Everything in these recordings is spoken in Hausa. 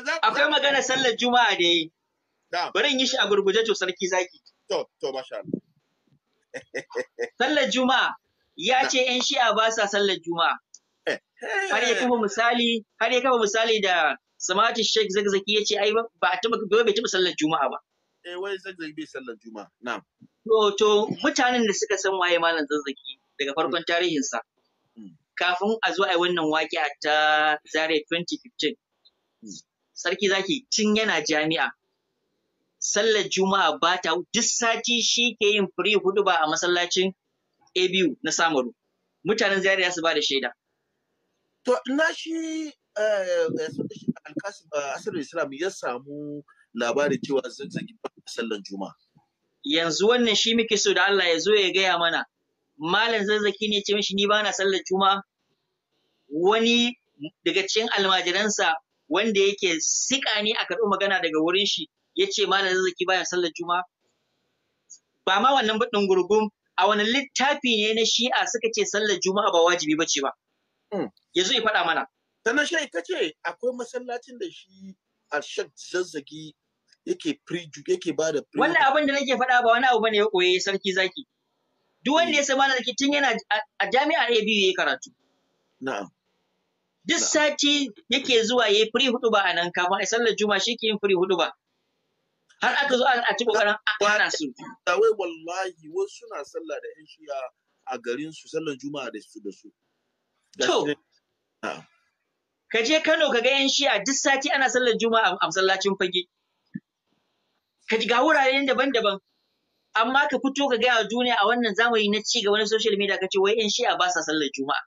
Akwai magana sallar Juma'a da yi. Bari in yi shi a gurguje to sarki zaki. To, to, masha Sallar Juma'a ya ce ‘yan shi'a ba sa sallar Juma'a. Har ya kafa misali, har ya kafa misali da Samati Sheikh Zagzaki ya ce ai ba a taɓa bai taɓa sallar Juma'a ba. Eh wai Zagzaki bai sallar Juma'a. Na'am. To to mutanen da suka san waye malam Zagzaki daga farkon mm. tarihinsa. Mm. Kafin a zo a yi wannan waƙiya ta Zare 2015. sarki zaki tun yana jami'a sallar juma'a ba ta duk sati shi ke yin firi hudu ba a masallacin abu na samaru mutanen zariya su ba da shaida to na shi eh, alkasim eh, asirin islam ya samu labarin cewa zazzagi ba sallar juma'a yanzu wannan shi muke so da Allah ya zo ya gaya mana malam zazzaki ne ce mishi ni ba na sallar juma'a wani daga cikin almajiransa wanda yake sika ne a karɓi magana daga wurin shi ya ce malam zazzaki baya sallar juma'a ba ma wannan baɗin gurgun a wani littafi ne na shi'a suka ce sallar juma'a ba wajibi ba ce ba hmm. zo ya faɗa mana sannan shi ta ce akwai masallacin da shi a shan zazzagi yake preju yake ba da wannan abin da nake faɗa ba wani abu bane ya koye sarki zaki duk wanda hmm. ya san malam zaki tun yana a jami'ar ABU yi karatu na'am duk sati yake zuwa yayi free huduba a nan kafin ai sallar juma'a shi ke yin free ba. har aka zo a ci kokarin ana su wai wallahi wasu suna sallah da yan shiya a garin su sallar juma'a da su da su to ka je Kano ka ga yan shiya duk sati ana sallar juma'a a masallacin fage ka ga wurare daban-daban amma ka fito ka gaya wa duniya a wannan zamani na ci gaba na social media ka ce wai yan shiya ba sa sallar juma'a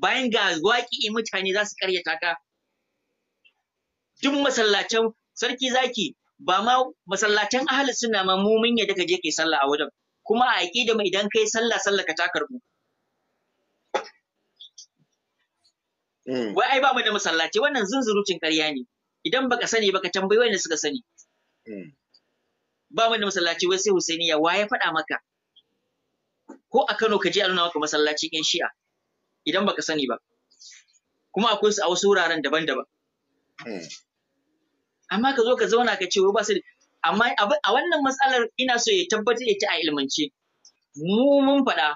bayan ga waƙi mutane za su karya taka. duk masallacin sarki zaki ba ma masallacin ahalin suna ma mu mun yadda ka je kai sallah a wajen kuma a da mu idan kai sallah sallah ka ta mu. Hmm. wai ai ba mu da masallaci wannan zunzurucin ƙarya ne idan baka sani baka tambayi wanda suka sani hmm. ba mu da masallaci wai sai Husainiya wa ya faɗa maka ko a Kano ka je a nuna maka masallaci ƴan Shi'a idan baka sani ba kuma akwai su a wasu wuraren daban-daban hmm. amma ka zo ka zauna ka ce wai ba su amma a wannan matsalar ina so ya tabbatar ya ita a ilmance mu mun faɗa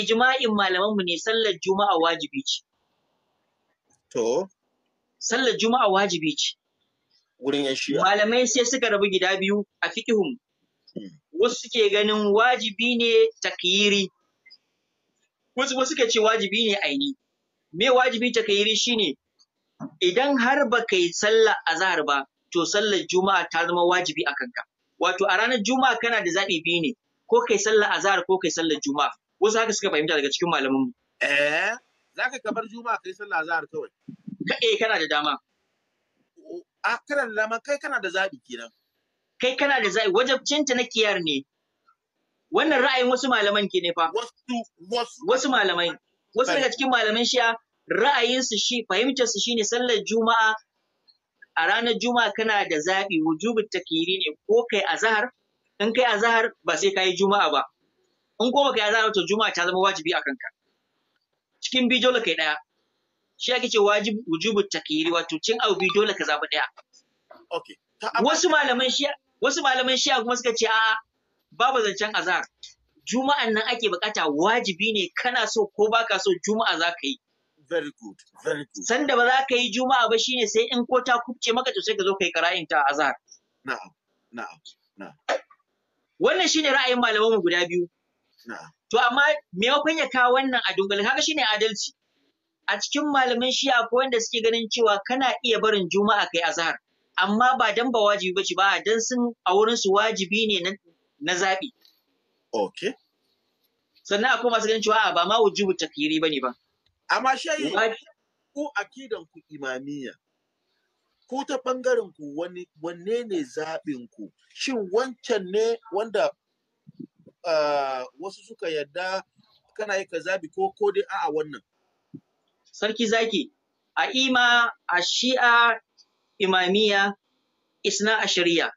ijma'in malamanmu ne sallar juma'a wajibi ce to sallar juma'a wajibi ce gurin malamai sai suka rabu gida biyu a fiqhum hmm. wasu suke ganin wajibi ne takyiri wasu ba suka ce wajibi ne aini me wajibi ta kai ne. idan har ba sallah sallar zahar ba to sallar juma'a ta zama wajibi a kanka wato a ranar juma'a kana da zaɓi biyu ne ko kai sallar zahar ko kai sallar juma'a wasu haka suka fahimta daga cikin malamin mu eh za ka kamar juma'a kai sallar azhar kawai ka eh kana da dama a kana da dama kai kana da zaɓi kenan kai kana da zaɓi wajabcinta na kiyar ne Wannan ra'ayin wasu malaman ke ne fa. Wasu malamai. Wasu daga cikin malaman ra'ayin ra'ayinsu shi su shine sallar juma'a a ranar juma'a kana da zaɓi wujubin takiri ne ko kai azhar in kai azhar ba sai kai juma'a ba in ko baka azhar to juma'a ta zama wajibi a kanka cikin bi dole kai ɗaya shi yake ce wajib wujubin takiri wato cin abu bi dole ka zaɓi ɗaya wasu malaman shi wasu malaman shi kuma suka ce a'a babu zancen azahar. juma'an nan ake bukata wajibi ne kana so ko baka so juma'a za ka yi very good very good sanda ba za ka yi juma'a ba shine sai in ko ta kubce maka to sai ka zo kai kara'in ta azhar na'am na'am wannan shine ra'ayin malaman mu guda biyu na'am to amma me ya kunya ka wannan a dungale kaga shine adalci a cikin malaman shi'a ko wanda suke ganin cewa kana iya barin juma'a kai azhar amma ba dan ba wajibi ba bace ba dan sun a wurin su wajibi ne nan. na zaɓi. Ok. Sannan akwai masu ganin cewa ba ma wujubu takiri ba ne ba. Amma shayi ku akidan ku imamiya, Ku ta ɓangaren ku wani wanne ne zaɓin ku? Shin wancan ne wanda wasu suka yarda kana yi ka zaɓi ko ko dai a'a wannan? Sarki zaki, a ima, a shi'a, imamiya isna a shari'a.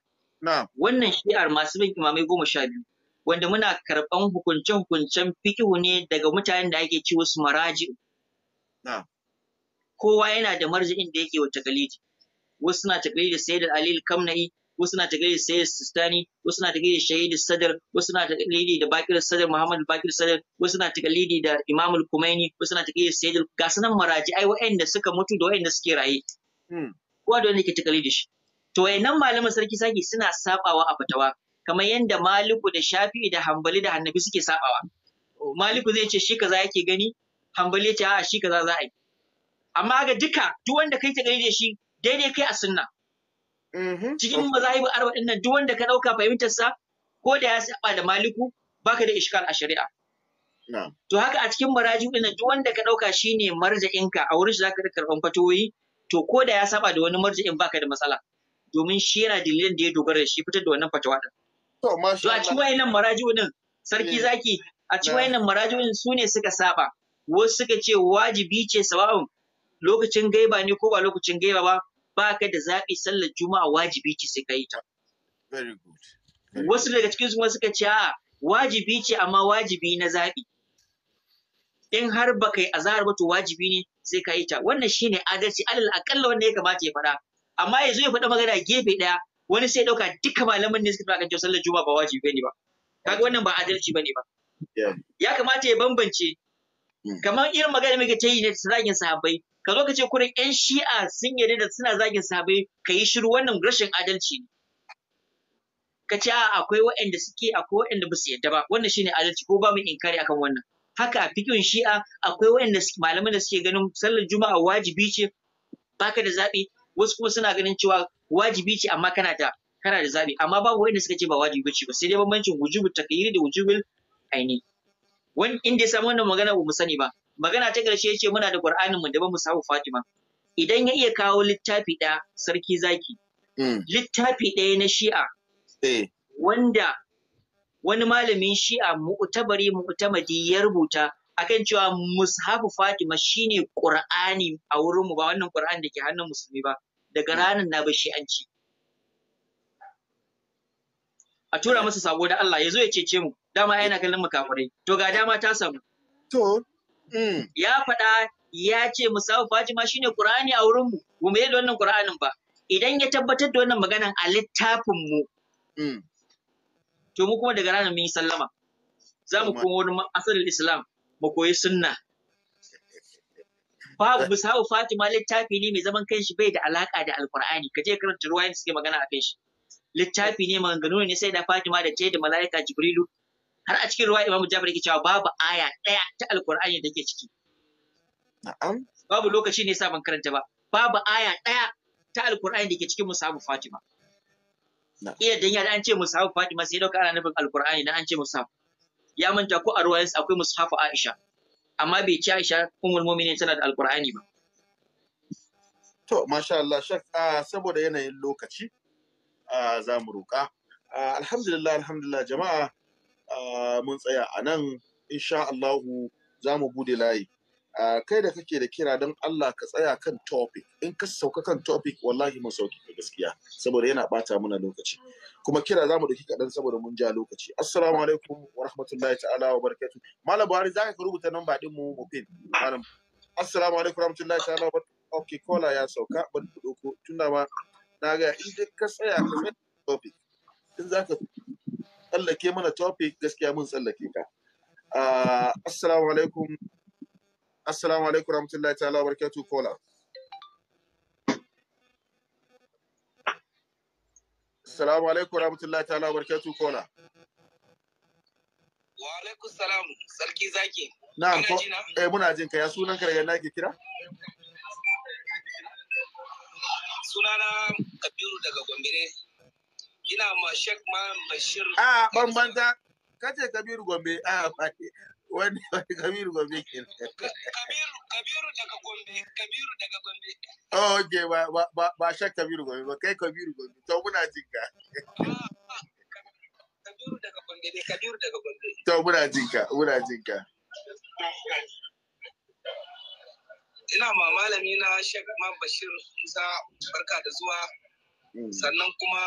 Wannan shi'ar masu bin imamai goma sha biyu wanda muna karɓan hukunce-hukuncen fikihu ne daga mutanen da ake ci wasu maraji. Kowa yana da marji'in da yake wa takalidi. Wasu na takalidi sai da Alil Kamna'i, wasu na takalidi sai da Sistani, wasu na takalidi da Sadar, wasu na takalidi da Bakir Sadar Muhammad Bakir Sadar, wasu na takalidi da Imam Kumaini, wasu na takalidi sai da gasu maraji'ai maraji ai suka mutu da wa'inda suke raye. Hmm. Kowa da wanda yake takalidi shi. to wayannan malaman sarki saki suna sabawa a fatawa kamar yadda maliku da shafi'i da hambali da hannabi suke sabawa maliku zai ce shi kaza yake gani hambali ya ce a'a shi kaza za a yi amma ga duka duk wanda kai ta gani da shi daidai kai a sunna mm-hmm. cikin mazahibu arba din nan duk wanda ka dauka fahimtar sa ko da ya saba da maliku baka da iskal a shari'a to haka a cikin maraji din nan duk wanda ka dauka shine marja'inka a wurin shi zaka karban fatoyi to ko da ya saba da wani marja'in baka da matsala domin shi yana dalilan da ya dogara shi fitar da wannan fatawa din. To masha Allah. To a cikin wayannan maraji'u din sarki eh. zaki a cikin eh. wayannan maraji'u su ne suka saba wasu suka ce wajibi ce sawa'un lokacin gaiba ne ko ba lokacin gaiba ba ba ka da zaɓi sallar juma'a wajibi ce sai ka yi ta. Very good. Wasu daga cikin su suka ce a wajibi ce amma wajibi na zaɓi. in har ba kai azahar ba to wajibi ne sai ka yi ta wannan shine adalci alal akalla wanda ya kamata ya fara amma yanzu ya faɗa magana gefe ɗaya wani sai ɗauka duka malaman ne suka faɗa kan sallar juma'a ba wajibi ne ba kaga wannan ba adalci bane ba ya kamata ya bambance mm. kamar irin magana muke ta yi ne zagin sahabbai ka zo ka ce kuma yan shi'a sun yi da suna zagin sahabbai ka yi shiru wannan rashin adalci ne ka ce a akwai waɗanda suke akwai waɗanda ba su yadda ba wannan shine adalci ko ba mu inkari akan wannan haka a fikin shi'a akwai waɗanda malaman da suke ganin sallar juma'a wajibi ce baka da zaɓi wasu kuma suna ganin cewa wajibi ce amma kana da kana da zabi amma babu wanda suka ce ba wajibi ce ba sai dai bambancin wujubul taqyiri da wujubul aini wani inda ya samu wannan magana ba mu sani ba magana ta ƙarshe yace muna da Qur'anin mu da bamu samu Fatima idan ya iya kawo littafi ɗaya sarki zaki mm. littafi ɗaya na Shi'a eh. wanda wani malamin Shi'a mu'tabari mu'tamadi ya rubuta akan cewa mushafu Fatima shine Qur'ani a wurin mu ba wannan Qur'ani da ke hannun musulmi ba daga hmm. ranar na bashi an ci a tura masa sabo da Allah ya zo ya cece mu dama yana kallon makafurai to ga dama ta samu to hmm. ya faɗa ya ce musawu Fatima shi ne ƙura'ani a wurin mu mu mai wannan ƙura'anin ba idan ya tabbatar da wannan maganan a littafin mu hmm. to mu kuma daga ranar mun yi sallama za mu koma wani asalin Islam mu koyi sunna babu eh. musawu Fatima littafi ne mai zaman kanshi bai da alaka da Alkur'ani ka je karanta ruwayan suke magana a kan shi littafi ne maganganu ne sai da Fatima da ce da malaika Jibrilu har a cikin ruwa Imam Jabir yake cewa babu aya ɗaya ta Alkur'ani da ke ciki na'am babu lokaci ne sa ban karanta ba babu aya ɗaya ta Alkur'ani da ke cikin musawu Fatima iya dan da an ce musawu Fatima sai dauka ana nufin Alkur'ani dan an ce musawu ya manta ko a ruwayansa akwai mushafu Aisha amma bai ci Aisha ummul mu'minin tana da alqur'ani ba to masha Allah shak saboda yanayin lokaci za mu roƙa alhamdulillah alhamdulillah jama'a mun tsaya a nan insha Allah za mu bude layi kai da kake da kira don Allah ka tsaya kan topic in ka sauka kan topic wallahi mu sauki ka gaskiya saboda yana bata mana lokaci kuma kira zamu dauki kadan saboda mun ja lokaci assalamu alaikum wa rahmatullahi ta'ala wa barakatuh malam buhari zaka ka rubuta number din mu mu pin malam assalamu alaikum rahmatullahi ta'ala wa barakatuh okay kola ya sauka ban doko tunda ma na ga in dai ka tsaya ka tsaya topic in zaka tsallake mana topic gaskiya mun tsallake ka ah, assalamu alaikum Assalamu alaikum warahmatullahi ta'ala barakatuh kola. Assalamu alaikum warahmatullahi ta'ala barakatuh kola. Wa alaikum salam sarki zaki. Na'am ko eh muna jin ka ya sunan ka daga nake kira? Sunana Kabiru daga Gombe. Ina ma Sheikh Bashir. Ah banbanta kace Kabiru Gombe ah wani wani kabiru gombe ke kabiru kabiru daga gombe kabiru daga gombe oh okay ba ba ba shak kabiru gombe ba kai kabiru gombe to muna jin ka ah, ah, kabiru daga gombe ne kabiru daga gombe to muna jin ka muna jin ka ina ma malami na shek ma bashir musa barka da zuwa mm. sannan kuma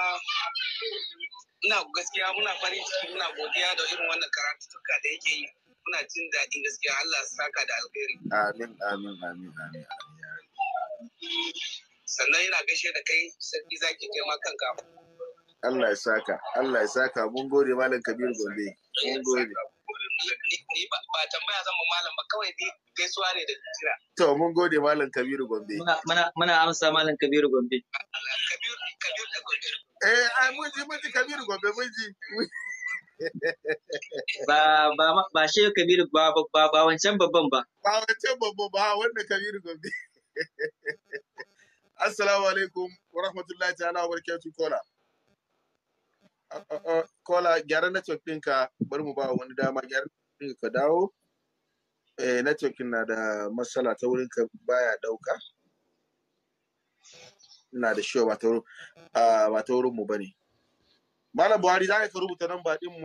ina gaskiya muna farin ciki muna godiya da irin wannan karatu da yake yi muna jin daɗin gaskiya Allah saka da alheri amin amin amin amin sannan yana gaishe da kai sarki zaki kai ma kanka Allah ya saka Allah ya saka mun gode malam Kabir Gombe mun gode ni ba tambaya zan mu malam ba kawai ni gaisuwa ne da jira to mun gode malam Kabiru Gombe muna amsa malam Kabiru Gombe Kabiru Kabiru da Gombe eh ai mun ji mun ji Kabiru Gombe mun ji ba ba ba shi kabiru ba ba ba wancan babban ba ba wancan babban ba wannan kabiru gobe assalamu alaikum wa rahmatullahi ta'ala wa barakatuh kola uh, uh, uh, kola gyara tokin ka bari mu ba wani dama gyara network ka dawo eh network na da matsala ta wurin ka baya dauka ina da shiwa ah, ba ta wurin mu bane Malam Buhari za ka rubuta nan ba ɗin mu.